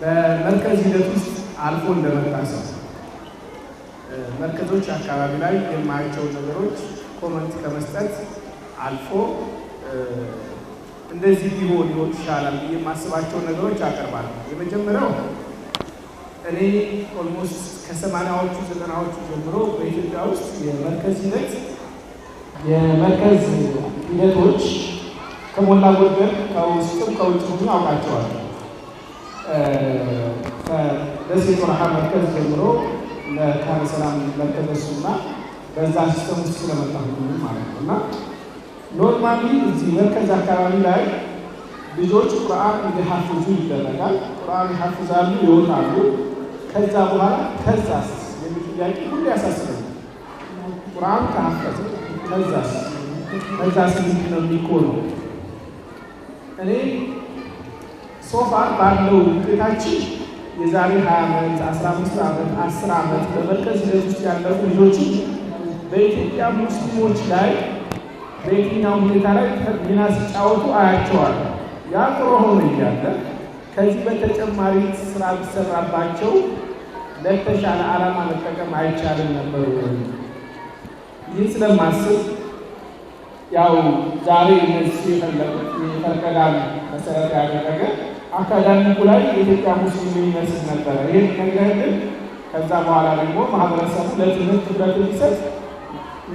በመርከዝ ሂደት ውስጥ አልፎ እንደመጣ ሰው መርከዞች አካባቢ ላይ የማያቸው ነገሮች ኮመንት ከመስጠት አልፎ እንደዚህ ቢሆን ሊሆን ይሻላል የማስባቸው ነገሮች አቀርባለሁ። የመጀመሪያው እኔ ኦልሞስት ከሰማንያዎቹ ዘጠናዎቹ ጀምሮ በኢትዮጵያ ውስጥ የመርከዝ ሂደት የመርከዝ ሂደቶች ከሞላ ጎደል ከውስጥም ከውጭ ሁሉ አውቃቸዋለሁ። ከደሴ በረሃ መርከዝ ጀምሮ ለካለ ሰላም መርከዝ እሱና በዛ ሲስተም ውስጥ ስለመጣሁ ማለት ነው እና ኖርማሊ እዚህ መርከዝ አካባቢ ላይ ልጆች ቁርአን እንዲሐፍዙ ይደረጋል። ቁርአን ይሐፍዛሉ፣ ይወጣሉ። ከዛ በኋላ ከዛስ የሚል ጥያቄ ሁሉ ያሳስበኛል። ቁርአን ከሐፈዝ ከዛስ ከዛስ ምንድን ነው የሚኮነው? እኔ ሶፋር ባለው ውጤታችን የዛሬ 20 ዓመት 15 ዓመት 10 ዓመት በመርከዝ ውስጥ ያለፉ ልጆች በኢትዮጵያ ሙስሊሞች ላይ በየትኛው ሁኔታ ላይ ሚና ሲጫወቱ አያቸዋል። ያ ጥሩ ሆኖ እያለ ከዚህ በተጨማሪ ስራ ቢሰራባቸው ለተሻለ ዓላማ መጠቀም አይቻልም ነበር። ይህ ስለማስብ ያው ዛሬ እነዚህ የፈለቁት መሰረት ያደረገ አካዳሚኩ ላይ የኢትዮጵያ ሙስሊም የሚመስል ነበረ። ይህ ነገር ግን ከዛ በኋላ ደግሞ ማህበረሰቡ ለትምህርት ትኩረት እንዲሰጥ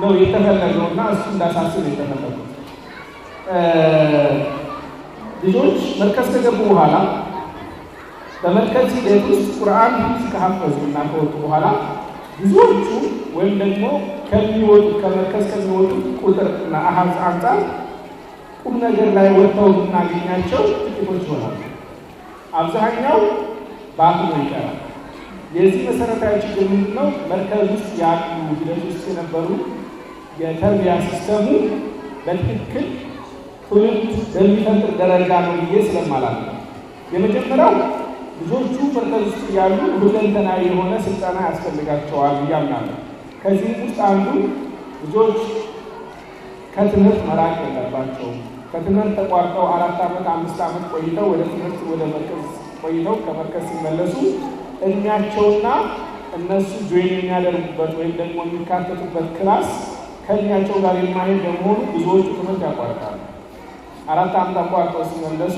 ነው የተፈለገው እና እሱ እንዳሳስብ የተፈለገው ልጆች መርከዝ ከገቡ በኋላ በመርከዝ ሂደት ውስጥ ቁርአን ከሀፈዙ እና ከወጡ በኋላ ብዙዎቹ ወይም ደግሞ ከሚወጡ ከመርከዝ ከሚወጡ ቁጥር እና አሀዝ አንጻር ቁም ነገር ላይ ወጥተው እናገኛቸው ጥቂቶች ይሆናሉ። አብዛኛው ነው ይቀራል። የዚህ መሰረታዊ ችግር ምንድን ነው? መርከዝ ውስጥ ያሉ ሂደት ውስጥ የነበሩ የተርቢያ ሲስተሙ በትክክል ትውልድ በሚፈጥር ደረጃ ነው ብዬ ስለማላለ የመጀመሪያው ልጆቹ መርከዝ ውስጥ ያሉ ሁለንተናዊ የሆነ ስልጠና ያስፈልጋቸዋል እያምናለ ከዚህም ውስጥ አንዱ ልጆች ከትምህርት መራቅ የለባቸውም። ከትምህርት ተቋርጠው አራት ዓመት አምስት ዓመት ቆይተው ወደ ትምህርት ወደ መርከዝ ቆይተው ከመርከዝ ሲመለሱ እድሜያቸውና እነሱ ጆይን የሚያደርጉበት ወይም ደግሞ የሚካተቱበት ክላስ ከእድሜያቸው ጋር የማይሄድ በመሆኑ ብዙዎቹ ትምህርት ያቋርጣሉ። አራት ዓመት አቋርጠው ሲመለሱ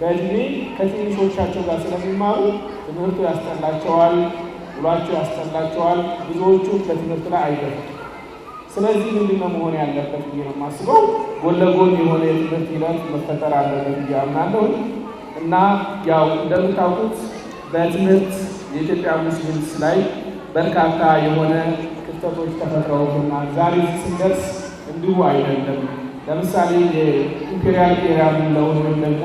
በእድሜ ከትንሾቻቸው ጋር ስለሚማሩ ትምህርቱ ያስጠላቸዋል፣ ውሏቸው ያስጠላቸዋል። ብዙዎቹ በትምህርት ላይ አይደሉም። ስለዚህ ምንድን ነው መሆን ያለበት ብዬ ነው የማስበው። ጎን ለጎን የሆነ የትምህርት ሂደት መፈጠር አለበት ብዬ አምናለሁ እና ያው እንደምታውቁት በትምህርት የኢትዮጵያ ሙስሊምስ ላይ በርካታ የሆነ ክፍተቶች ተፈጥረውና ዛሬ ስንደርስ እንዲሁ አይደለም። ለምሳሌ የኢምፔሪያል ኤራ የምንለውን ወይም ደግሞ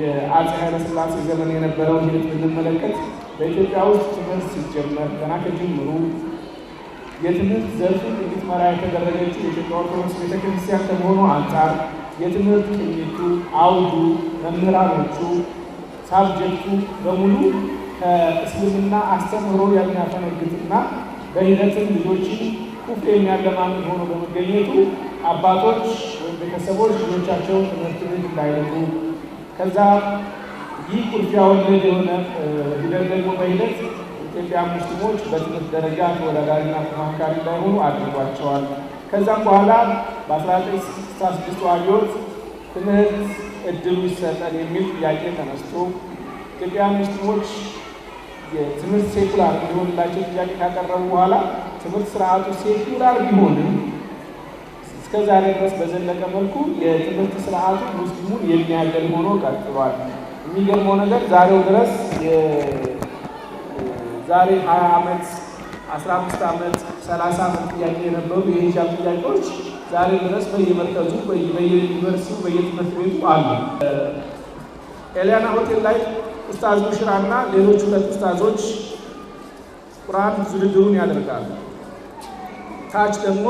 የአጼ ኃይለሥላሴ ዘመን የነበረውን ሂደት ብንመለከት በኢትዮጵያ ውስጥ ትምህርት ሲጀመር ገና ከጅምሩ የትምህርት ዘርፉን እንድትመራ የተደረገችው የኢትዮጵያ ኦርቶዶክስ ቤተክርስቲያን ከመሆኑ አንጻር የትምህርት ቅኝቱ፣ አውዱ፣ መምህራኖቹ፣ ሳብጀክቱ በሙሉ ከእስልምና አስተምህሮ የሚያፈነግጥና በሂደትም ልጆችን ኩፍ የሚያለማምድ ሆኖ በመገኘቱ አባቶች ወይም ቤተሰቦች ልጆቻቸው ትምህርት ቤት እንዳይለቁ ከዛ ይህ ቁልፊያ ወለድ የሆነ ሂደት ደግሞ በሂደት ኢትዮጵያ ሙስሊሞች በትምህርት ደረጃ ተወዳዳሪና ተማካሪ እንዳይሆኑ አድርጓቸዋል። ከዛም በኋላ በ1966 አብዮት ትምህርት እድሉ ይሰጠን የሚል ጥያቄ ተነስቶ ኢትዮጵያ ሙስሊሞች የትምህርት ሴኩላር እንዲሆንላቸው ጥያቄ ካቀረቡ በኋላ ትምህርት ስርዓቱ ሴኩላር ቢሆንም እስከ ዛሬ ድረስ በዘለቀ መልኩ የትምህርት ስርዓቱ ሙስሊሙን የሚያገል ሆኖ ቀጥሏል። የሚገርመው ነገር ዛሬው ድረስ ዛሬ 20 ዓመት 15 ዓመት 30 ዓመት ጥያቄ የነበሩ የሂጃብ ጥያቄዎች ዛሬ ድረስ በየመርከዙ በየዩኒቨርሲቲው በየትምህርት ቤቱ አሉ። ኤልያና ሆቴል ላይ ኡስታዝ ሙሽራ እና ሌሎች ሁለት ኡስታዞች ቁርአን ዝድድሩን ያደርጋሉ። ታች ደግሞ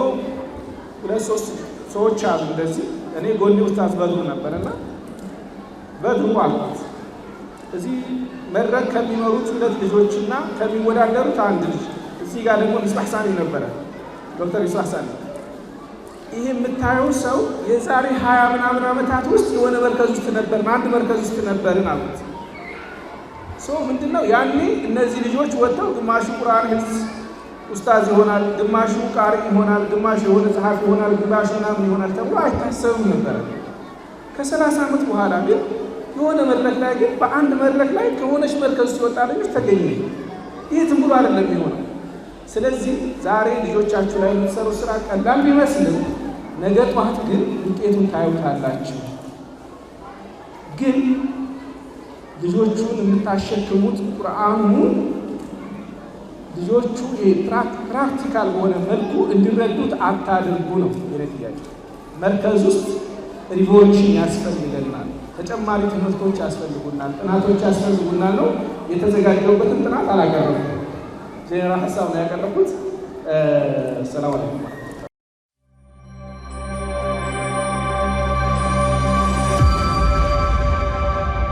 ሁለት ሶስት ሰዎች አሉ። እንደዚህ እኔ ጎኔ ኡስታዝ በድሩ ነበር እና በድሩ እዚህ መድረክ ከሚኖሩት ሁለት ልጆችና ከሚወዳደሩት አንድ ልጅ፣ እዚህ ጋር ደግሞ ሚስባህ ሳኒ ነበረ፣ ዶክተር ሚስባህ ሳኒ። ይህ የምታየው ሰው የዛሬ ሀያ ምናምን ዓመታት ውስጥ የሆነ መርከዝ ውስጥ ነበርን፣ አንድ መርከዝ ውስጥ ነበርን አሉት። ሶ ምንድን ነው ያኔ እነዚህ ልጆች ወጥተው ግማሹ ቁርአን ህፍዝ ኡስታዝ ይሆናል፣ ግማሹ ቃሪ ይሆናል፣ ግማሹ የሆነ ጸሐፊ ይሆናል፣ ግማሹ ምናምን ይሆናል ተብሎ አይታሰብም ነበረ። ከሰላሳ ዓመት በኋላ ግን የሆነ መድረክ ላይ ግን በአንድ መድረክ ላይ ከሆነች መርከዝ ሲወጣ ልጆች ተገኘ። ይህ ዝም ብሎ አይደለም የሚሆነው። ስለዚህ ዛሬ ልጆቻችሁ ላይ የምትሰሩ ስራ ቀላል ቢመስልም ነገ ጠዋት ግን ውጤቱን ታዩታላችሁ። ግን ልጆቹን የምታሸክሙት ቁርአኑ ልጆቹ ፕራክቲካል በሆነ መልኩ እንዲረዱት አታድርጉ ነው የኔ ጥያቄ። መርከዝ ውስጥ ሪቮሉሽን ያስፈልገናል። ተጨማሪ ትምህርቶች ያስፈልጉናል፣ ጥናቶች ያስፈልጉናል ነው የተዘጋጀውበትን ጥናት አላቀረብኩም። ሌላ ሀሳብ ነው ያቀረብኩት። ሰላም አለይኩም።